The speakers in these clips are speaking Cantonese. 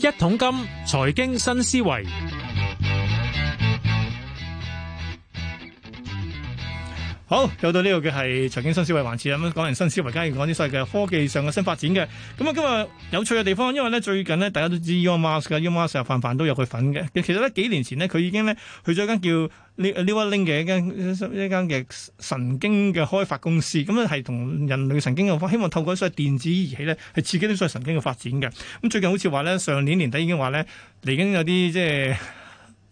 一桶金，財經新思維。好，又到呢度嘅係財經新思維環節，咁講完新思維，而家要講啲所謂嘅科技上嘅新發展嘅。咁啊，今日有趣嘅地方，因為咧最近呢大家都知、e、o Musk 噶，Musk、e、成日飯飯都有佢份嘅。其實咧幾年前呢，佢已經呢去咗一間叫 Neuralink 嘅一間一間嘅神經嘅開發公司。咁咧係同人類神經嘅方，希望透過一啲所謂電子儀器呢，係刺激啲所謂神經嘅發展嘅。咁最近好似話呢，上年年底已經話呢，嚟緊有啲即係。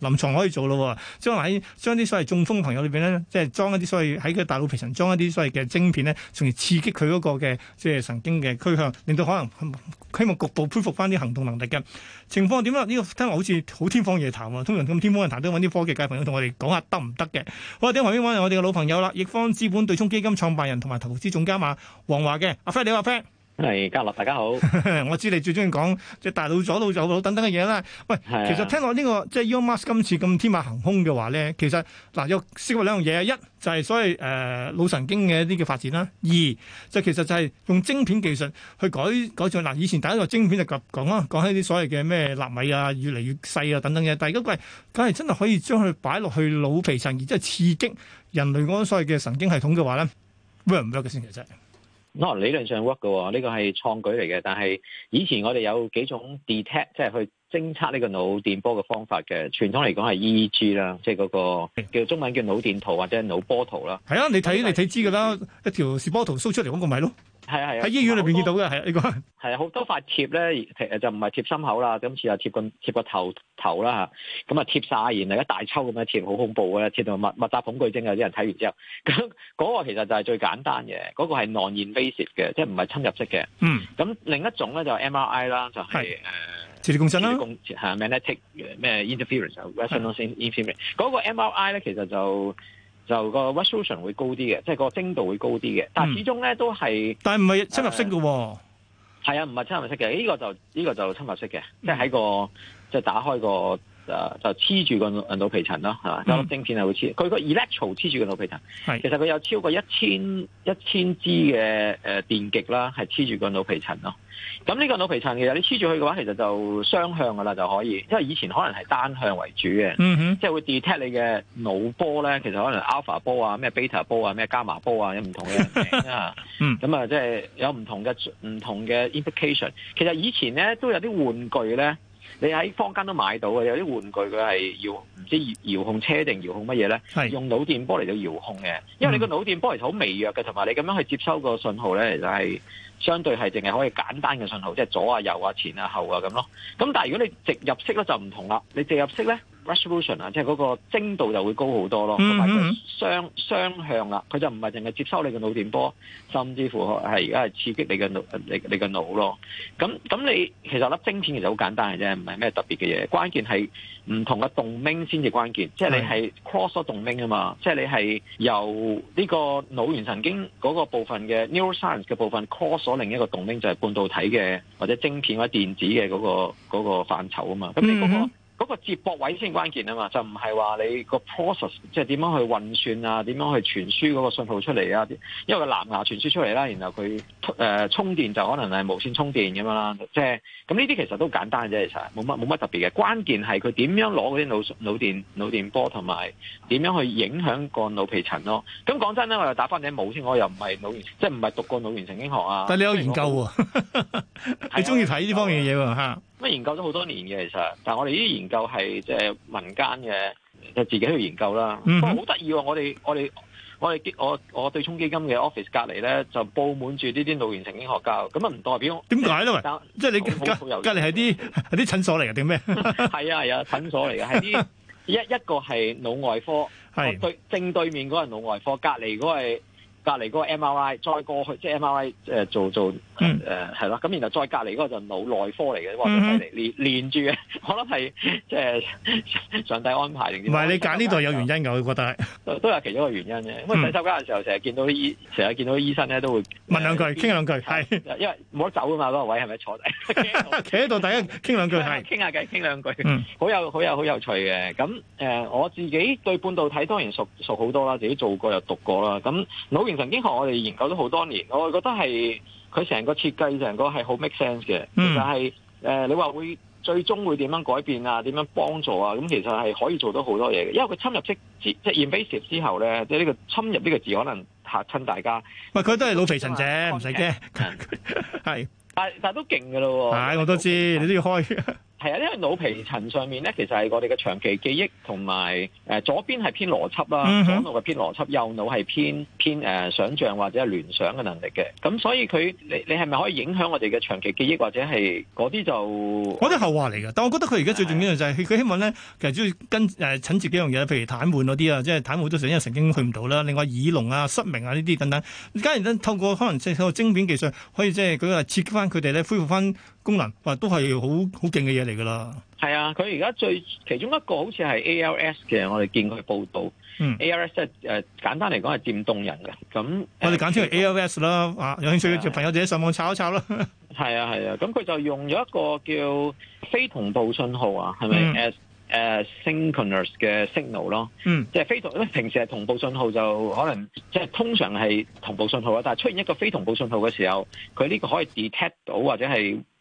臨床可以做咯，將喺將啲所謂中風朋友裏面呢，即係裝一啲所謂喺佢大腦皮層裝一啲所謂嘅晶片呢，從而刺激佢嗰個嘅即係神經嘅趨向，令到可能希望局部恢復翻啲行動能力嘅情況點咧？呢、這個聽話好似好天方夜譚喎，啊。通常咁天方夜譚都搵啲科技界朋友同我哋講下得唔得嘅。好啊，喺旁邊揾我哋嘅老朋友啦，易方資本對沖基金創辦人同埋投資總監嘛，王華嘅阿 f e 你個 f e 係，嘉樂，大家好。 我知你最中意講即係大腦左腦右腦等等嘅嘢啦。喂，啊、其實聽落呢、這個即係 Elon Musk 今次咁天馬行空嘅話咧，其實嗱有思過兩樣嘢啊。一就係、是、所謂誒腦神經嘅一啲嘅發展啦。二就其實就係用晶片技術去改改造嗱。以前第一個晶片就講啊，講起啲所謂嘅咩納米啊，越嚟越細啊等等嘢，但係如果係，梗係真係可以將佢擺落去腦皮層，而即係刺激人類嗰種所謂嘅神經系統嘅話咧，唔 work 嘅先，其實、就是？嗱，no, 理論上 work 嘅，呢個係創舉嚟嘅。但係以前我哋有幾種 detect，即係去偵測呢個腦電波嘅方法嘅。傳統嚟講係 EEG 啦，即係嗰個叫中文叫腦電圖或者腦波圖啦。係啊，你睇你睇知㗎啦，就是、一條示波圖 show 出嚟嗰個咪咯。係啊係啊，喺醫院裏邊見到嘅係呢個，係啊好多塊貼咧，貼就唔係貼心口啦，咁似係貼個貼個頭頭啦吓，咁啊貼晒然後，一大抽咁樣貼，好恐怖嘅，貼到密集恐懼症有啲人睇完之後，咁、那、嗰個其實就係最簡單嘅，嗰、那個係 non-invasive 嘅，即係唔係侵入式嘅。嗯，咁另一種咧就係 M R I 啦，就係誒磁共振啦，係、啊、magnetic 咩、呃、interference，resonance 是 interference 嗰個 M R I 咧其實就。就個 resolution 會高啲嘅，即、就、係、是、個精度會高啲嘅。但係始終咧都係、嗯，但係唔係七合式嘅、哦，係、呃、啊，唔係七合式嘅。呢、這個就呢、這個就七合式嘅，即係喺個，即、就、係、是、打開個。就黐住個腦皮層咯嚇，有粒晶片係會黐，佢個 electro 黐住個腦皮層。係，其實佢有超過一千一千支嘅誒電極啦，係黐住個腦皮層咯。咁呢個腦皮層其實你黐住佢嘅話，其實就雙向噶啦，就可以，因為以前可能係單向為主嘅。嗯哼即係會 detect 你嘅腦波咧，其實可能 alpha 波啊、咩 beta 波啊、咩伽馬波啊有唔同嘅名啊。咁啊， 即係有唔同嘅唔同嘅 implication。其實以前咧都有啲玩具咧。你喺坊間都買到嘅，有啲玩具佢係遙唔知遙控車定遙控乜嘢咧？是用腦電波嚟到遙控嘅，因為你個腦電波係好微弱嘅，同埋你咁樣去接收個信號咧，就係相對係淨係可以簡單嘅信號，即係左啊右啊前啊後啊咁咯。咁但係如果你直入式咧就唔同啦，你直入式咧。resolution 啊，即係嗰個精度就會高好多咯，同埋個雙雙向啦，佢就唔係淨係接收你嘅腦電波，甚至乎係而家係刺激你嘅腦，你你個腦咯。咁咁你其實粒晶片其實好簡單嘅啫，唔係咩特別嘅嘢，關鍵係唔同嘅 domain 先至關鍵。Mm hmm. 即係你係 cross 咗 domain 啊嘛，即、就、係、是、你係由呢個腦源神經嗰個部分嘅 neuroscience 嘅部分 cross 咗另一個 domain，就係半導體嘅或者晶片或者電子嘅嗰、那個嗰、那個範疇啊嘛。咁你嗰、那個。Mm hmm. 嗰個接駁位先關鍵啊嘛，就唔係話你個 process 即係點樣去運算啊，點樣去傳輸嗰個信號出嚟啊，因為個藍牙傳輸出嚟啦，然後佢誒、呃、充電就可能係無線充電咁樣啦，即係咁呢啲其實都簡單嘅啫，其實冇乜冇乜特別嘅，關鍵係佢點樣攞嗰啲腦腦電腦電波同埋點樣去影響個腦皮層咯、啊。咁講真咧，我又打翻你冇先，我又唔係腦，即係唔係讀過腦元神經學啊？但你有研究喎、啊，中 你中意睇呢方面嘅嘢喎。咁研究咗好多年嘅，其實，但係我哋呢啲研究係即係民間嘅，就自己去研究啦。好得意喎！我哋我哋我哋我我對沖基金嘅 office 隔離咧，就佈滿住呢啲腦原情境學家。咁啊唔代表點解咧？即係你隔隔離係啲係啲診所嚟嘅？定咩？係啊係啊，診所嚟嘅係啲一一個係腦外科，的對正對面嗰係腦外科，隔離嗰係。隔離嗰個 MRI，再過去即係 MRI，即係做做誒係啦。咁然後再隔離嗰個就腦內科嚟嘅，哇都犀利，連連住嘅，我諗係即係上帝安排定點？唔係你揀呢度有原因嘅，我覺得都有其中一個原因嘅。因為洗手間嘅時候，成日見到醫，成日見到醫生咧，都會問兩句，傾兩句，係因為冇得走啊嘛，嗰個位係咪坐低？企喺度第一傾兩句，係傾下偈，傾兩句，好有好有好有趣嘅。咁誒，我自己對半導體當然熟熟好多啦，自己做過又讀過啦。咁腦研曾經學我哋研究咗好多年，我覺得係佢成個設計成個係好 make sense 嘅。嗯、其實係誒、呃，你話會最終會點樣改變啊？點樣幫助啊？咁、嗯、其實係可以做到好多嘢嘅。因為佢侵入式即係、就是、invasive 之後咧，即係、這、呢個侵入呢個字可能嚇親大家。喂，佢都係老肥神者，唔使驚。係， 但係都勁㗎咯喎。係、哎，我都知你都要開。係啊，因為腦皮層上面咧，其實係我哋嘅長期記憶同埋誒左邊係偏邏輯啦、啊，嗯、哼左腦嘅偏邏輯，右腦係偏偏誒、呃、想像或者係聯想嘅能力嘅。咁所以佢你你係咪可以影響我哋嘅長期記憶或者係嗰啲就？嗰啲後話嚟㗎。但我覺得佢而家最重要就係佢希望咧，其實主要跟誒、呃、診治幾樣嘢，譬如癱瘓嗰啲啊，即係癱瘓好多時候因為神經去唔到啦。另外耳聾啊、失明啊呢啲等等，你假如真透過可能即係透過晶片技術，可以即係佢話刺激翻佢哋咧，恢復翻功能，啊，都係好好勁嘅嘢嚟㗎啦。係啊，佢而家最其中一個好似係 ALS 嘅，我哋見過佢報道。ALS 係誒簡單嚟講係電動人嘅。咁我哋簡稱為 ALS 啦。啊，有興趣嘅朋友自己上網抄一抄啦。係啊係啊，咁佢就用咗一個叫非同步信號啊，係咪？誒誒，synchronous 嘅 signal 咯。嗯。即係非同，因為平時係同步信號就可能即係通常係同步信號啊，但係出現一個非同步信號嘅時候，佢呢個可以 detect 到或者係。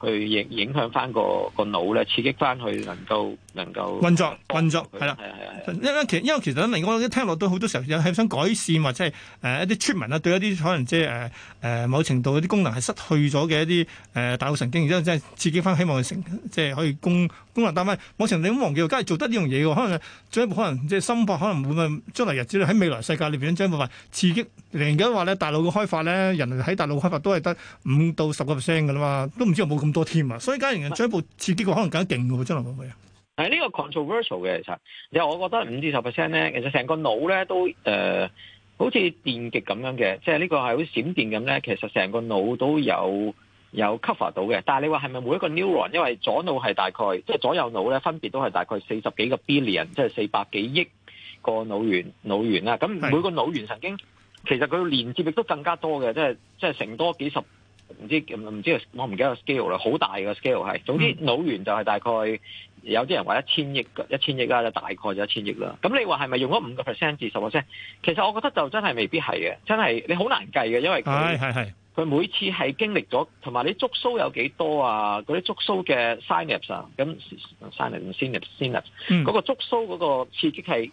去影影響翻個個腦咧，刺激翻佢能夠能夠運作運作，係啦。因為其實因為其實喺一聽落，都好多時候有係想改善或者係誒一啲村民啊，對一啲可能即係誒誒某程度啲功能係失去咗嘅一啲誒大腦神經，而家即係刺激翻，希望佢成即係、就是、可以功功能。但係某程度，咁忘記，梗係做得呢樣嘢嘅，可能進一步可能即係深化，可能會咪將來日子喺未來世界裏邊將部分刺激。靈光話咧，大腦嘅開發咧，人類喺大腦開發都係得五到十個 percent 㗎啦嘛，都唔知有冇咁。多添啊！所以家完人追步，刺激個可能更加勁噶喎，將來會唔會啊？係呢個 controversial 嘅，其實又我覺得五至十 percent 咧，其實成個腦咧都誒、呃，好似電極咁樣嘅，即係呢個係好似閃電咁咧。其實成個腦都有有 cover 到嘅。但係你話係咪每一個 neuron？因為左腦係大概即係、就是、左右腦咧，分別都係大概四十幾個 billion，即係四百幾億個腦元腦元啊，咁每個腦元神經其實佢連接力都更加多嘅，即係即係成多幾十。唔知唔知我唔記得個 scale 啦，好大個 scale 係。總之，腦源就係大概有啲人話一千億，一千億啦，就大概就一千億啦。咁你話係咪用咗五個 percent 至十個 percent？其實我覺得就真係未必係嘅，真係你好難計嘅，因為佢佢、哎哎哎、每次係經歷咗，同埋你啲觸蘇有幾多啊？嗰啲觸蘇嘅 synapse 啊，咁 synapse synapse synapse 嗰個觸蘇嗰、嗰個刺激係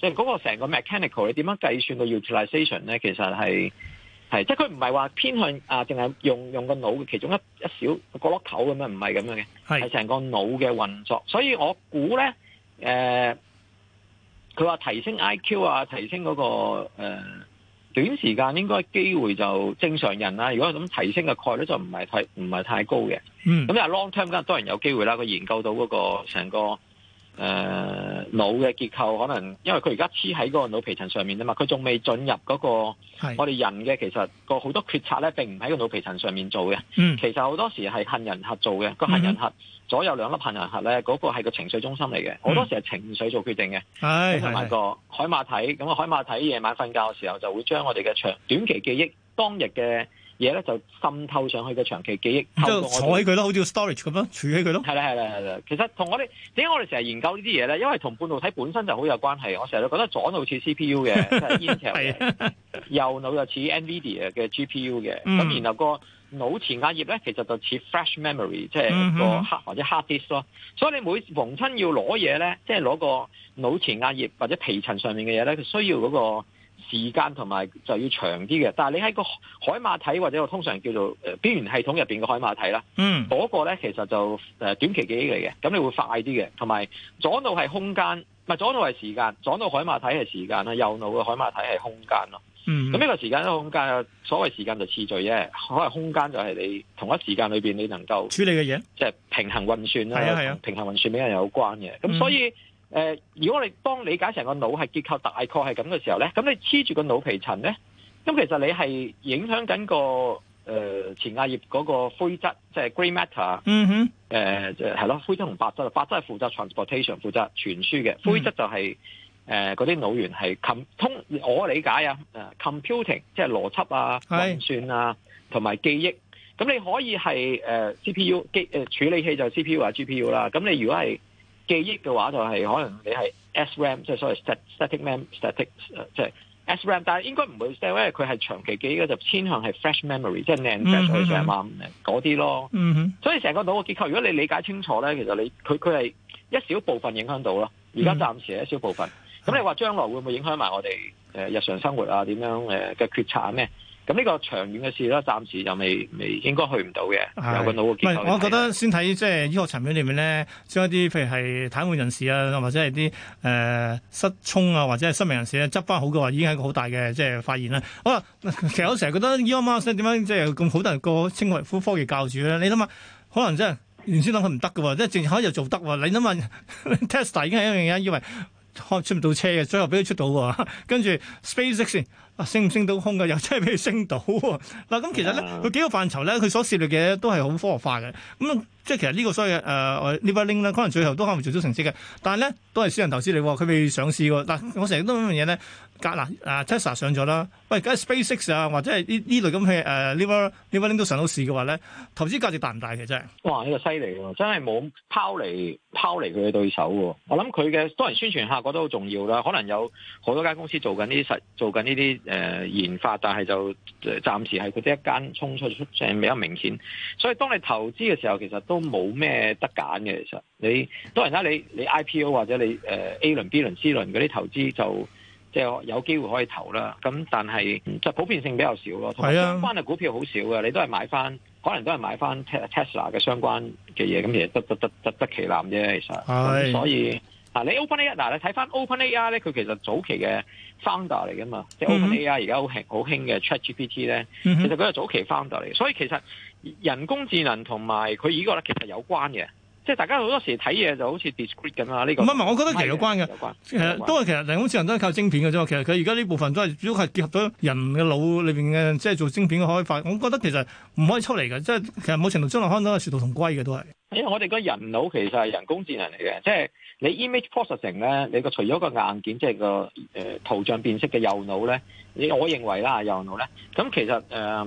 即係嗰個成、嗰個、個 mechanical，你點樣計算個 utilization 咧？其實係。係，即係佢唔係話偏向啊，淨係用用個腦嘅其中一一小，一小角是個落頭咁樣，唔係咁樣嘅，係成個腦嘅運作。所以我估咧，誒、呃，佢話提升 IQ 啊，提升嗰、那個誒、呃、短時間應該機會就正常人啦、啊。如果係咁提升嘅概率就，就唔係太唔係太高嘅。嗯，咁但係 long time 間當然有機會啦。佢研究到嗰個成個。誒，腦嘅、呃、結構可能，因為佢而家黐喺個腦皮層上面啊嘛，佢仲未進入嗰個我哋人嘅其實個好多決策咧，並唔喺個腦皮層上面做嘅。嗯、其實好多時係杏仁核做嘅，個杏仁核左右兩粒杏仁核咧，嗰、嗰個係個情緒中心嚟嘅，好、嗯、多時係情緒做決定嘅。係係，同埋、嗯、個海馬體，咁、嗰個海馬體夜晚瞓覺嘅時候，就會將我哋嘅長短期記憶當日嘅。嘢咧就滲透上去嘅長期記憶，即係是過我喺佢都好似 storage 咁咯，儲喺佢咯。係啦係啦係啦，其實同我哋點解我哋成日研究呢啲嘢咧？因為同半導體本身就好有關係。我成日都覺得左腦似 CPU 嘅，即係 Intel 的右腦又似 NVIDIA 嘅 GPU 嘅。咁、嗯、然後個腦前額葉咧，其實就似 flash memory，即係個黑或者 hard disk 咯。所以你每逢親要攞嘢咧，即係攞個腦前額葉或者皮層上面嘅嘢咧，佢需要嗰、那個。時間同埋就要長啲嘅，但係你喺個海馬體或者我通常叫做誒邊緣系統入邊個海馬體啦，嗯，嗰個咧其實就誒短期記憶嚟嘅，咁你會快啲嘅，同埋左腦係空間，唔係左腦係時間，左腦海馬體係時間啦，右腦嘅海馬體係空間咯，嗯，咁呢個時間同空間，所謂時間就次序啫，可能空間就係你同一時間裏邊你能夠處理嘅嘢，即係平衡運算啦，係啊係啊，啊平衡運算俾人有關嘅，咁所以，嗯。誒、呃，如果你當理解成個腦係結構大概係咁嘅時候咧，咁你黐住個腦皮層咧，咁、嗯、其實你係影響緊、那個誒、呃、前額葉嗰個灰質，即、就、係、是、grey matter。嗯哼。誒、呃，係咯，灰質同白質，白質係負責 transportation，負責傳輸嘅，嗯、哼灰質就係誒嗰啲腦元係 com，通我理解啊，誒 computing，即係邏輯啊、是運算啊，同埋記憶。咁你可以係誒、呃、CPU 機誒、呃、處理器就 CPU 或者 GPU 啦。咁你如果係記憶嘅話就係可能你係 SRAM 即係所謂 static mem static 即係 SRAM，但係應該唔會，因為佢係長期記憶，就偏向係 flash memory，即係 NAND RAM 嗰啲咯。Mm hmm. 所以成個腦嘅結構，如果你理解清楚咧，其實你佢佢係一小部分影響到咯。而家暫時係一小部分。咁你話將來會唔會影響埋我哋誒日常生活啊？點樣誒嘅決策啊？咩？咁呢個長遠嘅事啦，暫時又未未應該去唔到嘅。有個腦嘅結。唔我覺得先睇即係醫學層面裏面咧，將一啲譬如係癱瘓人士啊，或者係啲誒失聰啊，或者係失明人士啊，執翻好嘅話，已經係一個好大嘅即係發現啦。好啦其實我成日覺得 Elon Musk 點解即係咁好多人過稱為科科技教主咧？你諗下，可能即係原先諗佢唔得㗎喎，即係最後又做得喎。你諗下 ，Tesla 已經係一樣嘢，因為出唔到車嘅，最後俾佢出到喎。跟 住 SpaceX。啊升唔升到空嘅？啊、又真係俾佢升到喎。嗱，咁其實咧佢 Yeah. 幾個範疇咧佢所涉獵嘅嘢都係好科學化嘅。咁、嗯、即係其實呢、呢個所謂誒、呃、呢筆 link 可能最後都可能做咗成績嘅，但係咧都係私人投資嚟喎，佢未上市喎。嗱我成日都講一樣嘢咧。加拿誒 Tesla 上咗啦，喂，梗係 SpaceX 啊，或者係呢呢類咁嘅誒 Neuralink 都上到市嘅話咧，投資價值大唔大嘅啫？嘩，哇！呢個犀利喎，真係冇拋離拋離佢嘅對手喎、啊。我諗佢嘅多人宣傳效果都好重要啦。可能有好多間公司做緊呢啲做緊呢啲誒研發，但係就暫時係佢哋一間衝出出線比較明顯。所以當你投資嘅時候，其實都冇咩得揀嘅。其實你多人啦，你你 IPO 或者你誒 A 輪 B 輪 C 輪嗰啲投資就。即係有機會可以投啦，咁但係就普遍性比較少咯。同埋相關嘅股票好少嘅，你都係買翻，可能都係買翻 Tesla 嘅相關嘅嘢，咁其實得得得得得其難啫，其實。的所以，嗱，你 OpenAI 嗱，你睇翻 OpenAI 咧，佢其實早期嘅 founder 嚟嘅嘛，即係 OpenAI 而家好興好興嘅 ChatGPT 咧，其實佢係早期 founder 嚟，所以其實人工智能同埋佢呢個咧其實有關嘅。即係大家好多時睇嘢就好似 discrete 㗎嘛，呢個唔係唔係，我覺得其實有關嘅，都係關，其實人工智能都係靠晶片嘅啫。其實佢而家呢部分都係主要係結合咗人嘅腦裏面嘅，即係做晶片嘅開發。我覺得其實唔可以出嚟嘅，即係其實某程度將來可能都係殊途同歸嘅都係。因為我哋個人腦其實係人工智能嚟嘅，即係你 image processing 咧，你個除咗個硬件，即係個誒圖像辨識嘅右腦咧，你我認為啦，右腦咧，咁其實，呃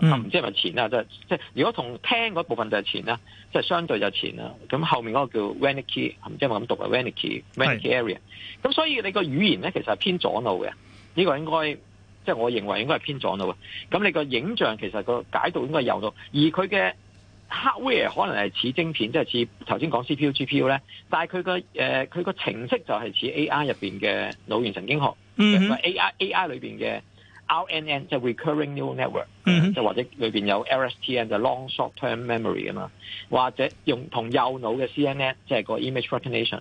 唔知係咪錢啦？即係即係如果同聽嗰部分就係錢啦，即係相對就錢啦。咁後面嗰個叫 Wernicke 唔知有冇咁讀啊是 Wernicke Wernicke area。咁所以你個語言咧，其實係偏左腦嘅。呢個應該即係我認為應該係偏左腦。咁你個影像其實個解讀應該係右腦，而佢嘅 hardware 可能係似晶片，即係似頭先講 CPU、GPU、呃、咧。但係佢個誒，佢個程式就係似 AI 入邊嘅腦源神經學，嗯，AI 哼、AI 裏邊嘅。RNN 即係 recurrent neural network，就或者裏邊有 LSTM 就 long short term memory 啊嘛，或者用同右腦嘅 CNN 即係個 image recognition。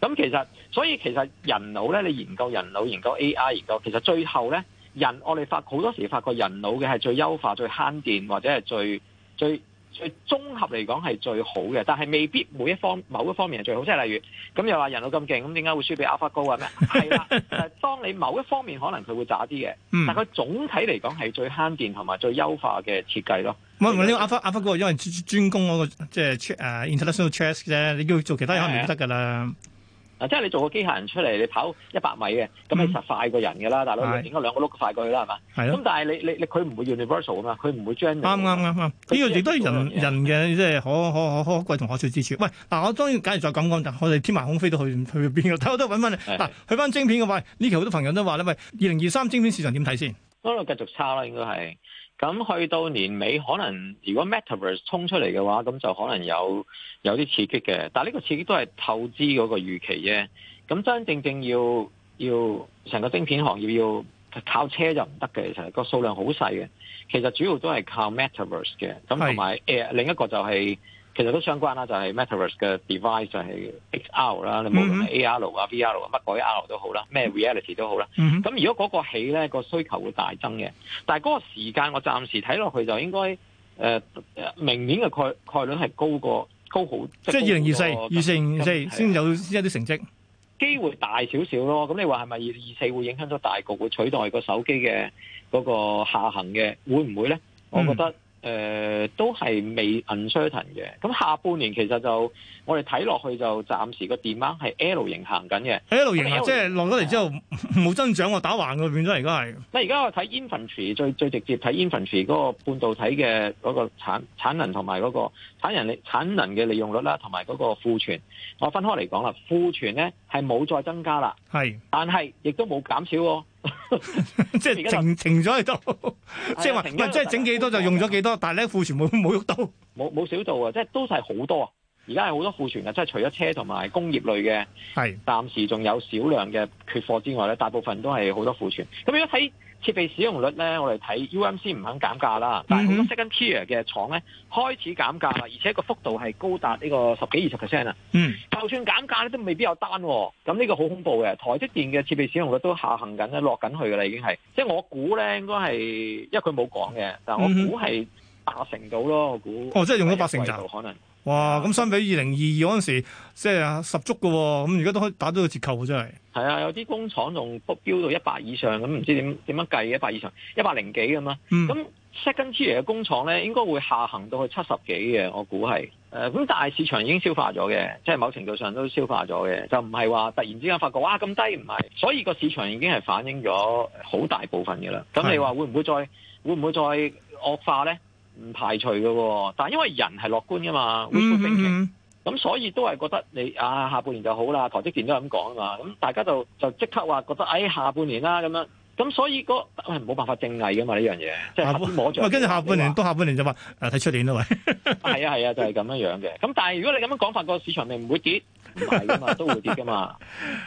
咁其實所以其實人腦咧，你研究人腦，研究 AI，研究其實最後咧，人我哋發好多時發覺人腦嘅係最優化、最慳電，或者係最最。最綜合嚟講係最好嘅，但係未必每一方某一方面係最好，即係例如咁又話人腦咁勁，咁點解會輸俾 AlphaGo 啊？咩係啦？但當你某一方面可能佢會渣啲嘅，嗯、但係佢總體嚟講係最慳電同埋最優化嘅設計咯。唔係唔係，呢個、這個 Alpha 因為專專攻嗰、那個即係誒 International Chess 啫，就是 uh, Chess，你要做其他嘢可能唔得㗎啦。嗱，即係、啊就是、你做個機械人出嚟，你跑一百米嘅，咁你實快過人嘅啦，嗯、大佬，影咗兩個碌快過去啦，係、啊、嘛？係。咁但係你你你佢唔會 universal 啊嘛，佢唔會將啱啱啱啱，呢個亦都係人人嘅即係可可可可貴同可取之處。喂，嗱、啊，我當然假如再講講，我哋天馬空飛到去去邊個？睇我都揾翻嚟。嗱、啊，去翻晶片嘅話，呢期好多朋友都話咧，喂，二零二三晶片市場點睇先？度繼續抄啦，應該係。咁去到年尾，可能如果 metaverse 衝出嚟嘅話，咁就可能有有啲刺激嘅。但係呢個刺激都係透支嗰個預期啫。咁真真正正要要成個晶片行業要靠車就唔得嘅，其實個數量好細嘅。其實主要都係靠 metaverse 嘅。咁同埋誒另一個就係、是。其實都相關啦，就係、是、Metaverse 嘅 device 就係 XR 啦，無論係 AR 啊、VR 啊、乜鬼 R 都好啦，咩 Reality 都好啦。咁、嗯、哼如果嗰個起咧，個需求會大增嘅。但係嗰個時間，我暫時睇落去就應該誒、呃、明年嘅概概率係高過高好。即係二零二四、二四 2024, 樣、二四先有一啲成績。機會大少少咯。咁你話係咪二零二四會影響咗大局，會取代個手機嘅嗰個下行嘅會唔會咧？我覺得。誒、呃，都係未銀衰 n 嘅。咁下半年其實就我哋睇落去就暫時個 d e 係係 L 型行緊嘅，L 型即係落咗嚟之後冇、啊、增長喎，打橫嘅變咗而家係。嗱而家我睇 i n f a n t r y 最最直接睇 i n f a n t r y 嗰個半導體嘅嗰個產能同埋嗰個產人利能嘅利用率啦，同埋嗰個庫存，我分開嚟講啦。庫存咧係冇再增加啦，是但係亦都冇減少喎。即係 停停咗喺度，即係話即係整幾多就用咗幾多，但係咧庫存冇冇喐到，冇冇少到啊！即係都係好多啊，而家係好多庫存啊。即係除咗車同埋工業類嘅，係暫時仲有少量嘅缺貨之外咧，大部分都係好多庫存。咁如果睇。設備使用率咧，我哋睇 UMC 唔肯減價啦，但係好多 second tier 嘅廠咧開始減價啦，而且個幅度係高達呢個十幾二十 percent 啦。嗯，就算減價咧都未必有單喎，哦，咁呢個好恐怖嘅。台積電嘅設備使用率都下行緊落緊去㗎啦，已經係。即係我估咧應該係，因為佢冇講嘅，但係我估係八成到咯，我估。哦，即係用咗八成就可能。哇！咁相比二零二二嗰陣時，即係呀十足嘅喎，咁而家都可以打到個折扣真係。係啊，有啲工廠仲飆到一百以上，咁唔知點點樣計一百以上，一百零幾咁嘛。咁 second tier 嘅工廠咧，應該會下行到去七十幾嘅，我估係。誒，咁但係市場已經消化咗嘅，即係某程度上都消化咗嘅，就唔係話突然之間發覺哇咁低唔係。所以個市場已經係反映咗好大部分嘅啦。咁你話會唔會再是會唔會再惡化咧？唔排除嘅，但係因為人係樂觀㗎嘛，會明嘅，咁所以都係覺得你啊下半年就好啦。台積電都係咁講啊嘛，咁大家就就即刻話覺得哎下半年啦咁樣，咁所以嗰、那、冇、個哎、辦法正義㗎嘛呢樣嘢，即係摸咗跟住下半年都說下半年就話睇出年啦喂。係啊係啊，就係、是、咁樣樣嘅。咁 但係如果你咁樣講法，嗰個市場你唔會跌，唔係㗎嘛，都會跌㗎嘛。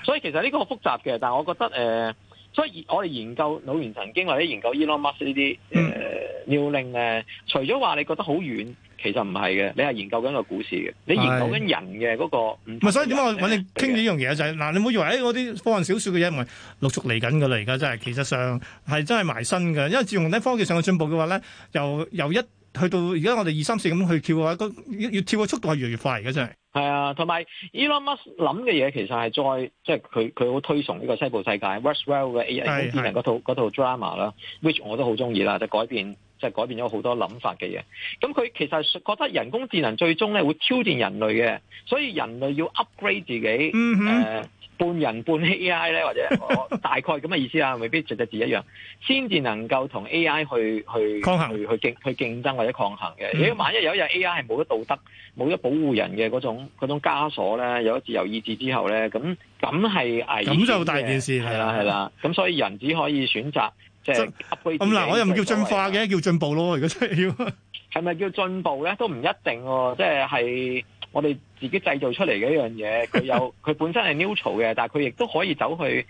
所以其實呢個好複雜嘅，但係我覺得誒。呃所以我哋研究腦元神經或者研究 Elon Musk 呢啲誒 Neuralink，呃、除咗話你覺得好遠，其實唔係嘅，你係研究緊個股市嘅，你研究緊人嘅嗰個唔係的所以點解我搵你傾呢樣嘢就係、是、嗱，你唔好以為嗰啲、哎、科幻小説嘅嘢唔係陸續嚟緊㗎喇，而家真係其實上係真係埋身㗎，因為自從咧科技上嘅進步嘅話咧，又又一。去到而家我哋二三四咁去跳嘅話，要跳嘅速度係越嚟越快嘅，真係。係啊，同埋 Elon Musk 諗嘅嘢其實係再即係佢佢好推崇呢個西部世界 Westworld 嘅人工智能嗰套嗰是套 drama 啦，which 我都好中意啦，就是、改變即係、就是、改變咗好多諗法嘅嘢。咁佢其實覺得人工智能最終咧會挑戰人類嘅，所以人類要 upgrade 自己。嗯哼、呃半人半 AI 咧，或者我大概咁嘅意思啊， 未必直字字一樣，先至能夠同 AI 去去抗衡、去去競去爭或者抗衡嘅。如果、嗯、萬一有一日 AI 係冇咗道德、冇咗保護人嘅嗰種嗰種枷鎖咧，有咗自由意志之後咧，咁咁係危咁就大件事係啦係啦。咁、啊啊啊、所以人只可以選擇即係咁嗱，我又唔叫進化嘅，叫進步咯。如果真係要係咪 叫進步咧，都唔一定喎、哦，即係係。我哋自己製造出嚟嘅一樣嘢，佢有佢本身係 neutral 嘅，但係佢亦都可以走去。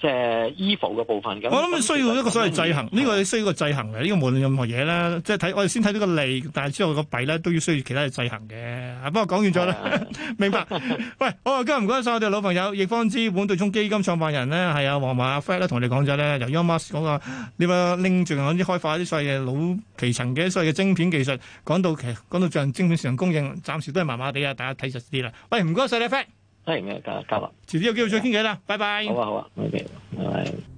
即係 evil 嘅部分嘅，我諗需要一個所謂制衡，呢、嗯、個需要個個制衡嘅。呢、這個無論任何嘢咧，即係睇我哋先睇到個利，但係之後個弊咧都要需要其他嘅制衡嘅。不過講完咗啦，是啊、 明白。 喂，好啊，今日唔該晒我哋老朋友易方資本對沖基金創辦人咧，係啊，王華阿 Fred 同你講咗咧，由於阿 Musk 講話，你話拎住啲開發啲所謂嘅腦皮層嘅所謂嘅晶片技術，講到其實講到最晶片市場供應暫時都係麻麻地啊，大家睇實啲啦。喂，唔該晒你，Fred。係咩？啊？交交啦，遲啲有機會再傾偈啦。拜拜。 bye bye，好啊，好啊拜拜！拜拜。